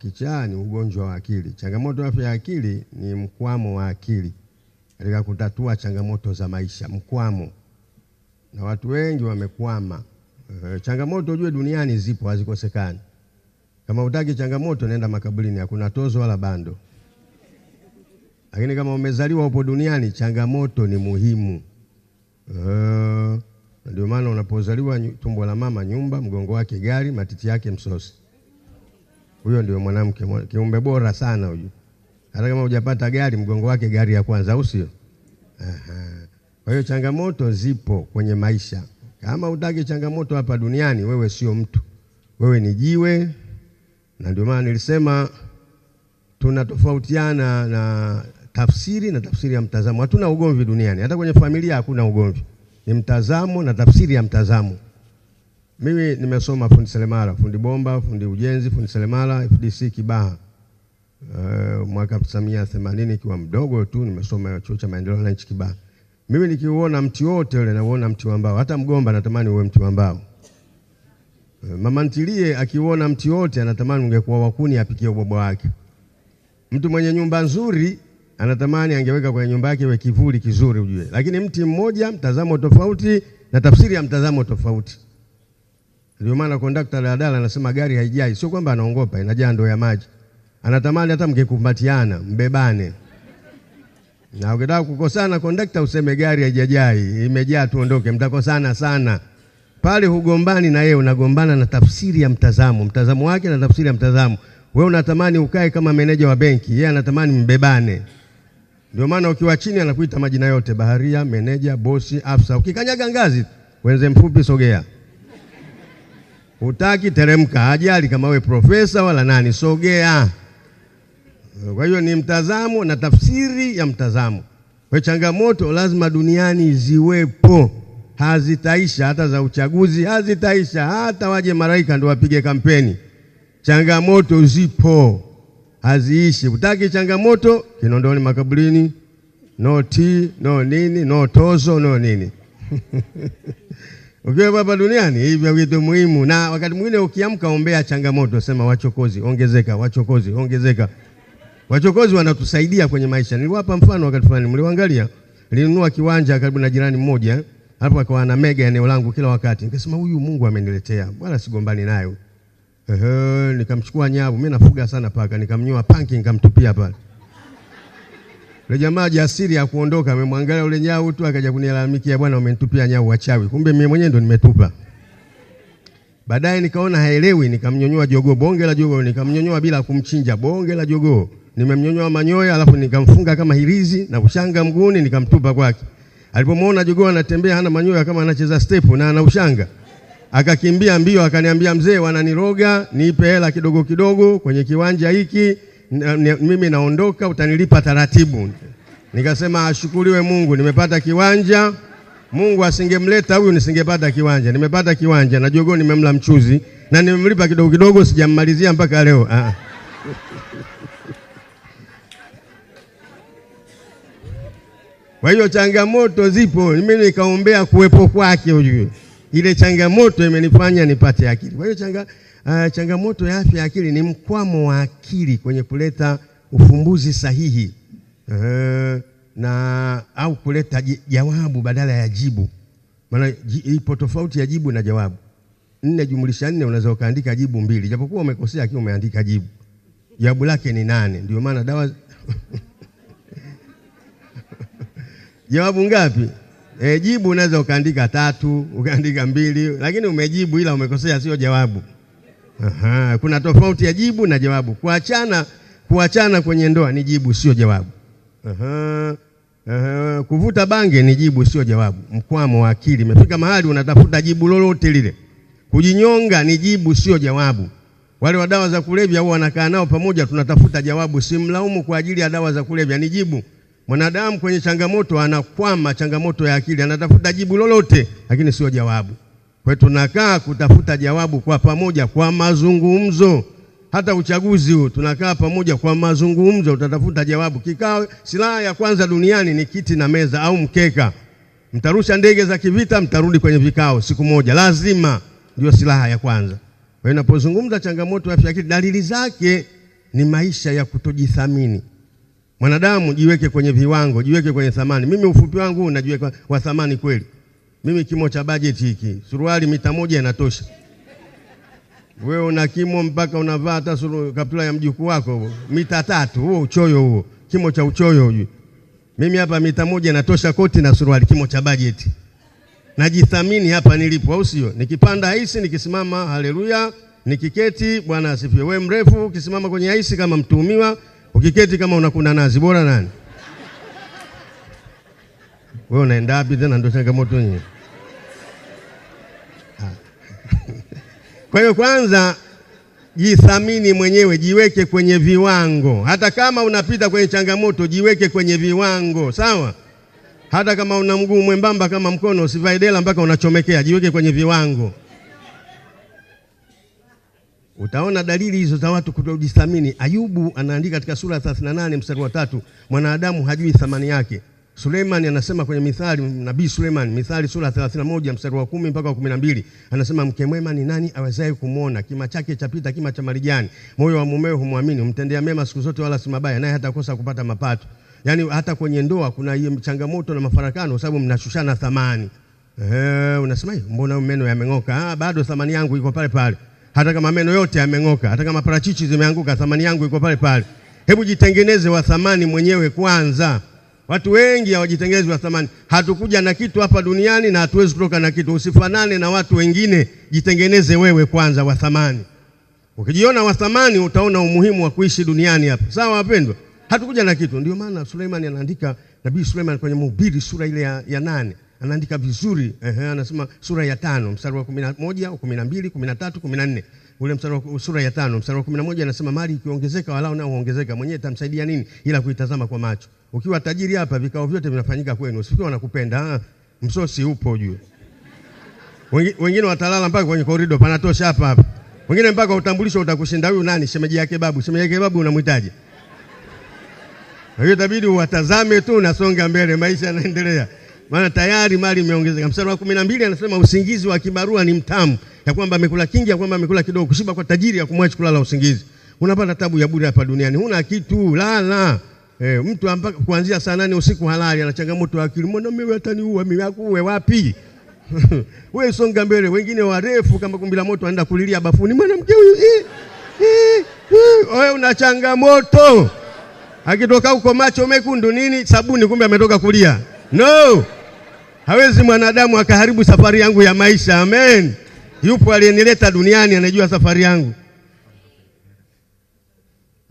kichaa ni ugonjwa wa akili. Changamoto ya afya ya akili ni mkwamo wa akili katika kutatua changamoto za maisha, mkwamo, na watu wengi wamekwama. E, changamoto ujue duniani zipo, hazikosekani. Kama utaki changamoto, nenda makaburini, hakuna tozo wala bando. Lakini kama umezaliwa upo duniani, changamoto ni muhimu. E, ndio maana unapozaliwa tumbo la mama nyumba, mgongo wake gari, matiti yake msosi. Huyo ndio mwanamke kiumbe bora sana huyu. Hata kama hujapata gari, mgongo wake gari ya kwanza, au sio? Kwa hiyo changamoto zipo kwenye maisha. Kama utaki changamoto hapa duniani, wewe sio mtu, wewe ni jiwe. Na ndio maana nilisema tunatofautiana na tafsiri na tafsiri ya mtazamo. Hatuna ugomvi duniani, hata kwenye familia hakuna ugomvi, ni mtazamo na tafsiri ya mtazamo. Mimi nimesoma fundi seremala, fundi bomba, fundi ujenzi, fundi seremala FDC Kibaha. Uh, mwaka 1980 nikiwa mdogo tu nimesoma chuo cha maendeleo ya nchi Kibaha. Mimi nikiuona mti wote ule nauona mti wa mbao, hata mgomba natamani uwe mti wa mbao. Eh, mama ntilie akiuona mti wote anatamani ungekuwa wakuni apikie ubobo wake. Mtu mwenye nyumba nzuri anatamani angeweka kwenye nyumba yake iwe kivuli kizuri ujue. Lakini mti mmoja mtazamo tofauti na tafsiri ya mtazamo tofauti. Ndio maana kondakta daladala anasema gari haijai, sio kwamba anaongopa, inajaa ndoo ya maji. Anatamani hata mkikumbatiana mbebane, na ukitaka kukosana kondakta useme gari haijajai, imejaa, tuondoke. Mtakosana sana pale, hugombani na yeye, unagombana na tafsiri ya mtazamo, mtazamo wake na tafsiri ya mtazamo. Wewe unatamani ukae kama meneja wa benki, yeye anatamani mbebane. Ndio maana ukiwa chini anakuita majina yote, baharia, meneja, bosi, afsa. Ukikanyaga ngazi, wenze mfupi, sogea utaki teremka, ajali kama we profesa wala nani, sogea. Kwa hiyo ni mtazamo na tafsiri ya mtazamo. Kwa changamoto lazima duniani ziwepo, hazitaisha. Hata za uchaguzi hazitaisha, hata waje maraika ndio wapige kampeni. Changamoto zipo, haziishi. utaki changamoto, Kinondoni makaburini, no tea, no nini, no tozo, no nini Ukiwa hapa duniani hivyo vitu muhimu, na wakati mwingine ukiamka, ombea changamoto, sema wachokozi ongezeka, wachokozi ongezeka. Wachokozi wanatusaidia kwenye maisha. Niliwapa mfano wakati fulani, mliwaangalia, nilinunua kiwanja karibu na jirani mmoja hapo, akawa na mega eneo langu kila wakati. Nikasema huyu Mungu ameniletea, wala sigombani nayo. Ehe, nikamchukua nyavu, mimi nafuga sana paka, nikamnyoa panki, nikamtupia pale yule jamaa jasiri ya kuondoka, amemwangalia yule nyau tu, akaja kunilalamikia, bwana, umenitupia nyau wachawi. Kumbe mimi mwenyewe ndo nimetupa. Baadaye nikaona haelewi, nikamnyonyoa jogoo, bonge la jogoo, nikamnyonyoa bila kumchinja, bonge la jogoo, nimemnyonyoa manyoya, alafu nikamfunga kama hirizi na ushanga mguuni, nikamtupa kwake. Alipomwona jogoo anatembea hana manyoya kama anacheza step na ana ushanga, akakimbia mbio, akaniambia mzee, wananiroga, nipe hela kidogo kidogo kwenye kiwanja hiki mimi naondoka, utanilipa taratibu. Nikasema ashukuriwe Mungu, nimepata kiwanja. Mungu asingemleta huyu nisingepata kiwanja. Nimepata kiwanja na jogoo nimemla mchuzi na nimemlipa kidogo kidogo, sijammalizia mpaka leo ah, ah. Kwa hiyo changamoto zipo, mimi nikaombea kuwepo kwake. Ujue ile changamoto imenifanya nipate akili. Kwa hiyo changamoto uh, changamoto ya afya ya akili ni mkwamo wa akili kwenye kuleta ufumbuzi sahihi uh, na au kuleta jawabu badala ya jibu, maana ipo tofauti ya jibu na jawabu. Nne jumlisha nne unaweza ukaandika jibu mbili, japokuwa umekosea, lakini umeandika jibu, jawabu lake ni nane. Ndio maana dawa jawabu ngapi? E, jibu unaweza ukaandika tatu ukaandika mbili, lakini umejibu ila umekosea, sio jawabu. Aha, kuna tofauti ya jibu na jawabu. Kuachana, kuachana kwenye ndoa ni jibu, sio jawabu. Aha. Aha. Kuvuta bange ni jibu, sio jawabu. Mkwamo wa akili imefika mahali unatafuta jibu lolote lile. Kujinyonga ni jibu, sio jawabu. Wale wa dawa za kulevya huwa wanakaa nao pamoja, tunatafuta jawabu. Simlaumu kwa ajili ya dawa za kulevya, ni jibu. Mwanadamu kwenye changamoto anakwama, changamoto ya akili, anatafuta jibu lolote, lakini sio jawabu. Kwa tunakaa kutafuta jawabu kwa pamoja kwa mazungumzo. Hata uchaguzi huu tunakaa pamoja kwa mazungumzo, utatafuta jawabu. Kikao silaha ya kwanza duniani ni kiti na meza au mkeka. Mtarusha ndege za kivita, mtarudi kwenye vikao siku moja, lazima ndio silaha ya kwanza. Kwa hiyo napozungumza changamoto ya afya akili, dalili zake ni maisha ya kutojithamini. Mwanadamu jiweke kwenye viwango, jiweke kwenye thamani. Mimi ufupi wangu najiweka wa thamani kweli. Mimi kimo cha bajeti hiki, suruali mita moja inatosha. Wewe una kimo mpaka unavaa hata kaptula ya mjukuu wako mita tatu. Huo uchoyo huo, kimo cha uchoyo huo. Mimi hapa mita moja inatosha, koti na suruali, kimo cha bajeti. Najithamini hapa nilipo, au sio? Nikipanda haisi, nikisimama, haleluya. Nikiketi, Bwana asifiwe. Wewe mrefu, ukisimama kwenye haisi kama mtuhumiwa, ukiketi kama unakuna nazi, bora nani? wewe unaenda wapi tena? Ndio changamoto yenyewe. Ah. Kwa hiyo kwanza jithamini mwenyewe, jiweke kwenye viwango. Hata kama unapita kwenye changamoto, jiweke kwenye viwango, sawa. Hata kama una mguu mwembamba kama mkono, usivae dela mpaka unachomekea. Jiweke kwenye viwango. Utaona dalili hizo za watu kutojithamini. Ayubu anaandika katika sura ya 38 mstari wa tatu, mwanadamu hajui thamani yake. Suleimani anasema kwenye Mithali, nabii Suleimani, Mithali sura 31 mstari wa kumi mpaka wa 12, anasema mke mwema ni nani awezaye kumwona? Kima chake chapita kima cha marijani, moyo wa mumeo humwamini, humtendea mema siku zote, wala si mabaya, naye hatakosa kupata mapato. Yaani hata kwenye ndoa kuna hiyo changamoto na mafarakano, kwa sababu mnashushana thamani. Ehe, unasema mbona meno yameng'oka? Ah, bado thamani yangu iko pale pale, hata kama meno yote yameng'oka, hata kama parachichi zimeanguka, thamani yangu iko pale pale. Hebu jitengeneze wa thamani mwenyewe kwanza. Watu wengi wa thamani. Hatukuja na kitu hapa duniani na hatuwezi kutoka na kitu. Usifanane na watu wengine, jitengeneze wewe kwanza wa thamani. Ukijiona wa thamani, utaona umuhimu wa kuishi duniani hapa. Sawa wapendwa, hatukuja na kitu. Ndio maana Suleiman anaandika, Nabii Suleiman kwenye Mhubiri sura ile ya, ya nane anaandika vizuri Ehe, anasema sura ya tano mstari wa kumi na moja kumi na mbili kumi na tatu kumi na nne ule mstari sura ya tano mstari wa kumi na moja anasema mali ikiongezeka, walao nao huongezeka, mwenyewe tamsaidia nini ila kuitazama kwa macho. Ukiwa tajiri hapa, vikao vyote vinafanyika kwenu, usifiwe, wanakupenda msosi upo juu wengine watalala mpaka kwenye korido, panatosha hapa hapa. Wengine mpaka utambulisho utakushinda, huyu nani? Shemeji yake babu, shemeji yake babu unamhitaji. Kwa hiyo itabidi uwatazame tu, unasonga mbele, maisha yanaendelea maana tayari mali imeongezeka. Mstari wa kumi na mbili anasema usingizi wa kibarua ni mtamu, ya kwamba amekula kingi, ya kwamba amekula kidogo. Kushiba kwa tajiri ya kumwacha kulala usingizi. Unapata tabu ya bure hapa duniani, huna kitu, lala. Eh, mtu ambaye kuanzia saa nane usiku halali, ana changamoto ya akili, mbona mimi ataniua mimi, akuwe wapi? Wewe songa mbele, wengine warefu kama kumbi la moto, anaenda kulilia bafuni, mwanamke huyu eh, eh, eh, wewe una changamoto. Akitoka huko macho mekundu nini, sabuni, kumbe ametoka kulia. No. Hawezi mwanadamu akaharibu safari yangu ya maisha. Amen. Yupo aliyenileta duniani anajua safari yangu.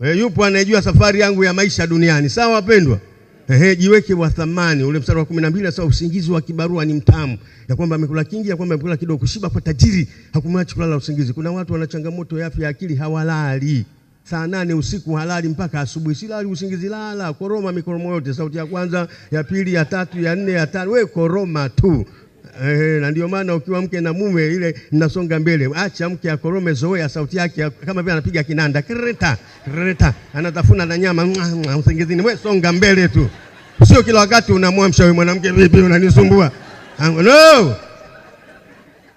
Eh, yupo anajua safari yangu ya maisha duniani. Sawa wapendwa? Ehe, jiweke wa thamani. Ule mstari wa 12 nasema usingizi wa kibarua ni mtamu, ya kwamba amekula kingi, ya kwamba amekula kidogo. Kushiba kwa tajiri hakumwachi kulala usingizi. Kuna watu wana changamoto ya afya ya akili hawalali saa nane usiku halali mpaka asubuhi, silali usingizi, lala koroma mikoromo yote, sauti ya kwanza, ya pili, ya tatu, ya nne, ya tano, we koroma tu. Eh, na ndio maana ukiwa mke na mume ile mnasonga mbele, acha mke akorome, zoea sauti yake, kama vile anapiga kinanda kreta kreta, anatafuna na nyama usingizini. Wewe songa mbele tu, sio kila wakati unamwamsha wewe mwanamke, vipi unanisumbua? No.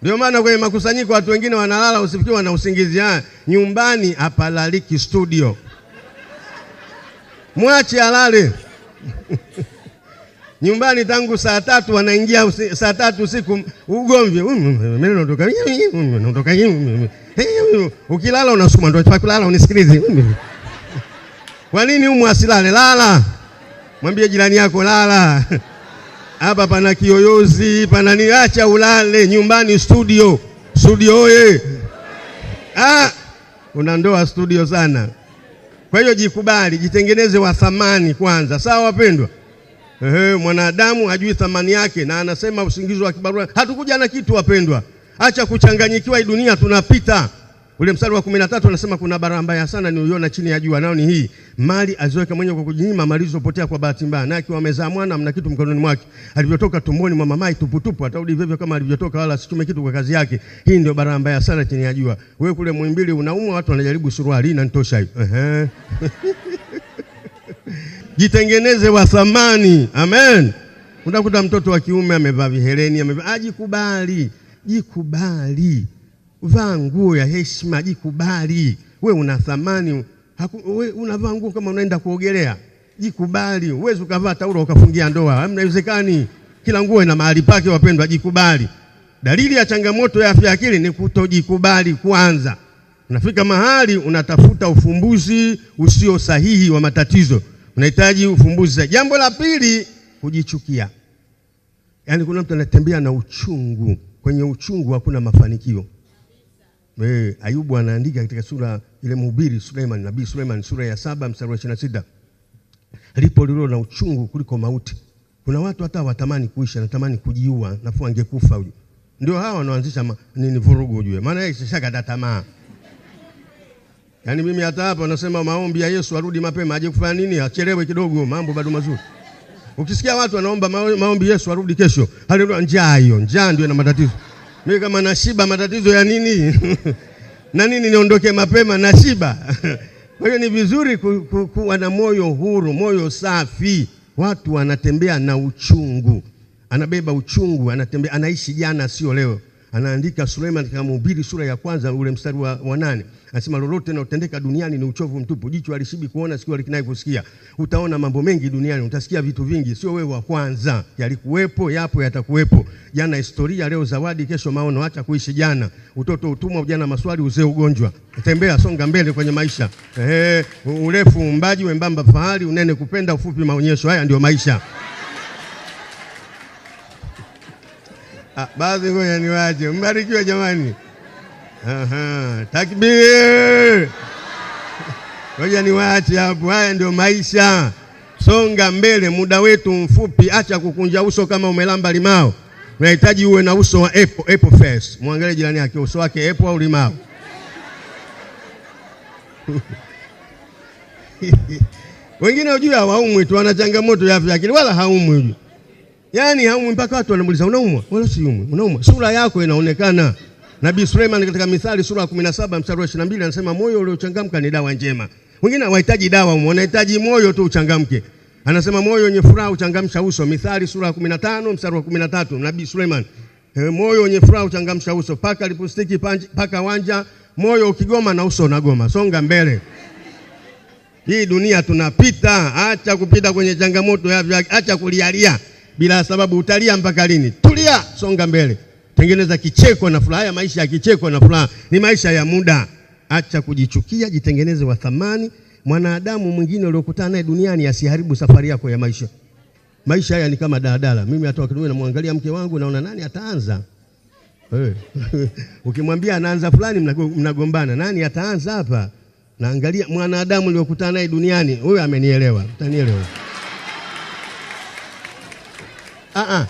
Ndio maana kwenye makusanyiko watu wengine wanalala, usifikiri na usingizi. Ah, nyumbani apalaliki studio, mwache alale nyumbani tangu saa tatu wanaingia usi, saa tatu usiku ugomvi, Ukilala unasukuma ndio kulala, unisikilize. Kwa nini umu asilale? Lala, mwambie jirani yako lala. hapa pana kiyoyozi pana niacha ulale nyumbani studio studio oye ah, una ndoa studio sana. Kwa hiyo jikubali, jitengeneze wa thamani kwanza, sawa wapendwa? Ehe, mwanadamu hajui thamani yake, na anasema usingizi wa kibarua. Hatukuja na kitu wapendwa, acha kuchanganyikiwa. Hii dunia tunapita. Ule mstari wa 13 anasema kuna bara mbaya sana ni niliona chini ya jua, nao ni hii mali azoweka mwenye kwa kujinyima, mali zilizopotea kwa bahati mbaya. Na akiwa amezaa mwana, mna kitu mkononi mwake, alivyotoka tumboni mwa mamaye tuputupu, atarudi vivyo kama alivyotoka, wala asichume kitu kwa kazi yake. Hii ndio bara mbaya sana chini ya jua. Wewe kule Muhimbili unaumwa, watu wanajaribu suruali, inanitosha hiyo. Ehe, jitengeneze wa thamani. Amen. Unakuta mtoto wa kiume amevaa vihereni, amevaa ajikubali, jikubali vaa nguo ya heshima, jikubali. We una thamani, unavaa nguo kama unaenda kuogelea, jikubali. uwezi ukavaa taulo ukafungia ndoa, hamnaiwezekani. Kila nguo ina mahali pake, wapendwa, jikubali. Dalili ya changamoto ya afya akili ni kutojikubali kwanza. Unafika mahali unatafuta ufumbuzi usio sahihi wa matatizo, unahitaji ufumbuzi. Jambo la pili, kujichukia. Yaani, kuna mtu anatembea na uchungu, kwenye uchungu hakuna mafanikio. E, Ayubu anaandika katika sura ile mhubiri Suleiman, nabii Suleiman sura ya saba mstari wa ishirini na sita lipo lililo na uchungu kuliko mauti. Kuna watu hata watamani kuisha, natamani kujiua, nafu angekufa huyu. Ndio hawa wanaanzisha nini vurugu ujue, maana yeye shakata tamaa. Yaani mimi hata hapa nasema maombi ya Yesu arudi mapema aje kufanya nini, achelewe kidogo, mambo bado mazuri. Ukisikia watu wanaomba maombi Yesu arudi kesho, haleluya, njaa hiyo, njaa ndio ina matatizo. Mimi kama nashiba, matatizo ya nini na nini? Niondoke mapema, nashiba Kwa hiyo ni vizuri kuwa na moyo huru, moyo safi. Watu wanatembea na uchungu, anabeba uchungu, anatembea, anaishi jana, sio leo anaandika Suleiman katika Mhubiri sura ya kwanza ule mstari wa, wa nane anasema lolote linalotendeka duniani ni uchovu mtupu. Jicho alishibi kuona, sikio alikinai kusikia. Utaona mambo mengi duniani, utasikia vitu vingi, sio wewe wa kwanza. Yalikuwepo, yapo, yatakuwepo. Jana historia, leo zawadi, kesho maono. Acha kuishi jana. Utoto utumwa, ujana maswali, uzee ugonjwa. Tembea, songa mbele kwenye maisha. Ehe, urefu umbaji, wembamba fahari, unene kupenda, ufupi maonyesho. Haya ndio maisha. Ah, baadhi ngoja wache Mbarikiwe jamani. Aha, takbir. Ngoja wache hapo. Haya ndio maisha. Songa mbele, muda wetu mfupi. Acha kukunja uso kama umelamba limao. Unahitaji uwe na uso wa apple, apple face. Mwangalie jirani yake, uso wake apple au limao? Wengine hujui hawaumwi tu, wana changamoto ya afya, lakini wala haumwi. Yaani haumwi mpaka watu wanamuuliza unaumwa? Wala si siumwi. Unaumwa. Sura yako inaonekana. Nabii Suleiman katika Mithali sura ya 17 mstari wa 22 anasema moyo uliochangamka ni dawa njema. Wengine hawahitaji dawa, wanahitaji moyo tu uchangamke. Anasema moyo wenye furaha uchangamsha uso. Mithali sura ya 15 mstari wa 13 Nabii Suleiman. E, moyo wenye furaha uchangamsha uso. Paka lipostiki paka wanja, moyo ukigoma na uso unagoma. Songa mbele. Hii dunia tunapita, acha kupita kwenye changamoto ya acha kulialia bila sababu. Utalia mpaka lini? Tulia, songa mbele, tengeneza kicheko na furaha. Haya maisha ya kicheko na furaha ni maisha ya muda. Acha kujichukia, jitengeneze wa thamani. Mwanadamu mwingine uliokutana naye duniani asiharibu safari yako ya maisha. Maisha haya ni kama daladala. Mimi hata wakati namwangalia mke wangu naona nani ataanza eh. ukimwambia anaanza fulani, mnagombana nani ataanza hapa. Naangalia mwanadamu uliokutana naye duniani, huyo amenielewa, utanielewa. Ah, ah.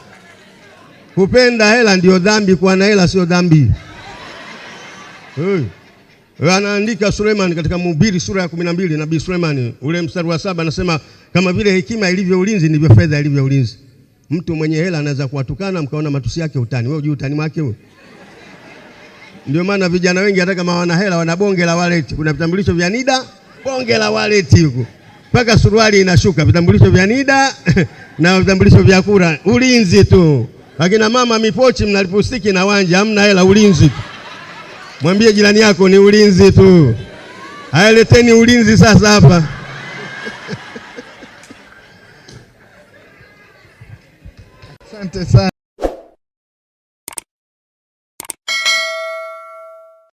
kupenda hela ndio dhambi, kuwa na hela sio dhambi. Anaandika Suleiman katika Mhubiri sura ya kumi na mbili, nabii Suleiman ule mstari wa saba anasema kama vile hekima ilivyo ulinzi, ndivyo fedha ilivyo ulinzi. Mtu mwenye hela anaweza kuwatukana mkaona matusi yake utani. Wewe unajua utani wake wewe? Ndio maana vijana wengi hata kama wana hela wana bonge la wallet. Kuna vitambulisho vya NIDA, bonge la wallet huko mpaka suruali inashuka, vitambulisho vya NIDA na vitambulisho vya kura, ulinzi tu. Lakini mama mipochi mnalipustiki na wanja, hamna hela, ulinzi tu. Mwambie jirani yako ni ulinzi tu. Haya, ulinzi sasa hapa. Asante sana.